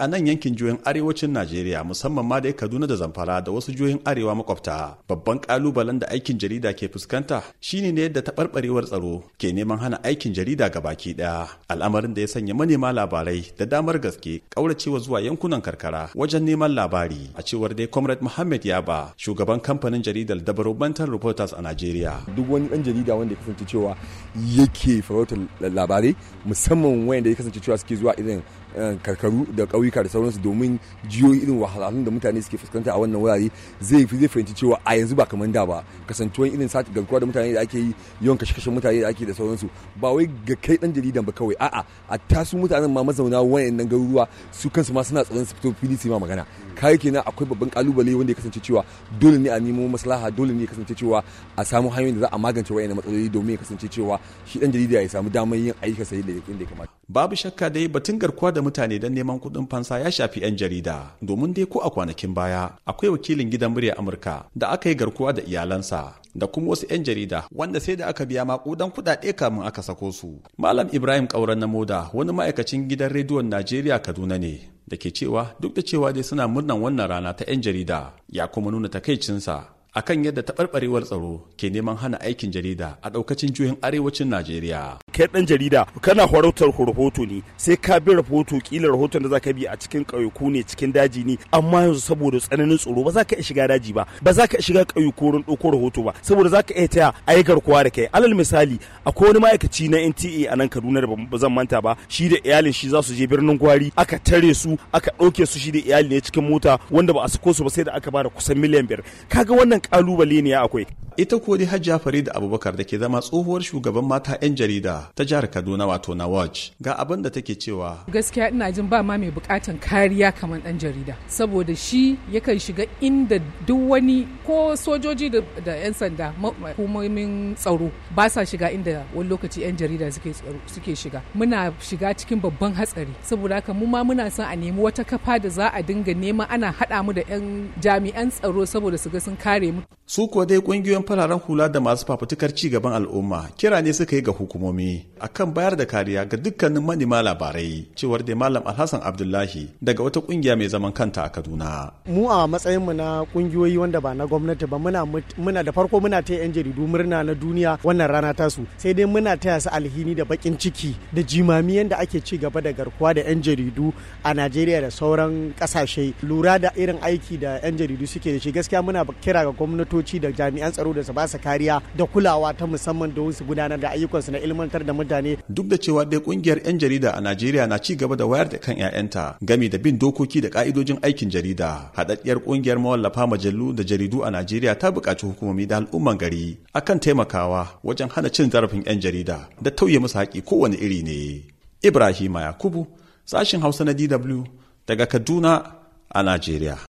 a nan yankin jihohin arewacin Najeriya musamman ma da Kaduna da Zamfara da wasu jihohin arewa makwabta. Babban kalubalen da aikin jarida ke fuskanta shine ne yadda taɓarɓarewar tsaro ke neman hana aikin jarida ga baki ɗaya. Al'amarin da ya sanya manema labarai da damar gaske kauracewa zuwa yankunan karkara wajen neman labari. A cewar dai Comrade Muhammad Yaba, shugaban kamfanin jaridar Dabarobantar Reporters a Najeriya. Duk wani ɗan jarida wanda ya kasance cewa yake farautar labarai musamman wanda ya kasance cewa suke zuwa irin eh, karkaru da ƙauye. afirka da sauransu domin jiyoyi irin wahalhalun da mutane suke fuskanta a wannan wurare zai zai fahimci cewa a yanzu ba kamar da ba kasantuwan irin sati garkuwa da mutane da ake yi yawan kashe-kashen mutane da ake da sauransu ba wai ga kai dan jaridan ba kawai a'a a tasu mutanen ma mazauna wayannan garuruwa su kansu ma suna tsaron su fito fili su ma magana kai kenan akwai babban kalubale wanda ya kasance cewa dole ne a nemo maslaha dole ne ya kasance cewa a samu hanyoyin da za a magance wayannan matsaloli domin ya kasance cewa shi dan jarida ya samu damar yin ayyukansa yadda ya kamata babu shakka dai batun garkuwa da mutane don neman kuɗin fansa ya shafi 'yan jarida domin dai ko a kwanakin baya akwai wakilin gidan murya amurka da aka yi garkuwa da iyalansa da kuma wasu 'yan jarida wanda sai da aka biya makudan kuɗaɗe kamin aka sako su malam ibrahim kauran na moda wani ma'aikacin gidan rediyon najeriya kaduna ne da ke cewa duk da cewa dai suna murnan wannan rana ta 'yan jarida ya kuma nuna takaicinsa akan yadda taɓarɓarewar tsaro ke neman hana aikin jarida a ɗaukacin juyin arewacin Najeriya. Kai ɗan jarida kana farautar rahoto ne sai ka bi rahoto kila rahoton da za ka bi a cikin ƙauyuku ne cikin daji ne amma yanzu saboda tsananin tsoro ba za ka iya shiga daji ba ba za ka iya shiga ƙauyuku wurin ɗauko rahoto ba saboda za ka iya taya a yi garkuwa da kai alal misali akwai wani ma'aikaci na NTA a nan Kaduna da ba zan manta ba shi da iyalin shi za su je birnin Gwari aka tare su aka ɗauke su shi da iyali ne cikin mota wanda ba a sako su ba sai da aka bada kusan miliyan biyar kaga wannan ƙalubale ne akwai ita ko dai hajjiya farid abubakar da ke zama tsohuwar shugaban mata 'yan jarida ta jihar kaduna wato na watch ga abin da take cewa gaskiya ina jin ba ma mai bukatan kariya kamar dan jarida saboda shi yakan shiga inda duk wani ko sojoji da 'yan sanda hukumomin tsaro ba sa shiga inda wani lokaci 'yan jarida suke shiga muna shiga cikin babban hatsari saboda haka mu ma muna son a nemi wata kafa da za a dinga nema ana hada mu da 'yan jami'an tsaro saboda su ga sun kare mu su kuwa dai ƙungiyoyin fararen hula da masu fafutukar ci gaban al'umma kira ne suka yi ga hukumomi akan bayar da kariya ga dukkanin manema labarai cewar da malam alhassan abdullahi daga wata kungiya mai zaman kanta a kaduna mu a matsayin mu na kungiyoyi wanda ba na gwamnati ba muna muna da farko muna ta yan jaridu murna na duniya wannan rana tasu sai dai muna taya su alhini da bakin ciki da jimami yanda ake ci gaba da garkuwa da yan jaridu a najeriya da sauran kasashe lura da irin aiki da yan jaridu suke da shi gaskiya muna kira ga gwamnatoci da jami'an tsaro da da su ba su kariya da kulawa ta musamman don su gudanar da ayyukansu na ilmantar da mutane. Duk da cewa dai kungiyar 'yan jarida a Najeriya na ci gaba da wayar da kan 'ya'yanta gami da bin dokoki da ka'idojin aikin jarida. Haɗaɗɗiyar kungiyar mawallafa majallu da jaridu a Najeriya ta buƙaci hukumomi da al'umman gari akan taimakawa wajen hana cin zarafin 'yan jarida da tauye musu haƙi kowane iri ne. ibrahim Yakubu, sashin Hausa na DW daga Kaduna a Najeriya.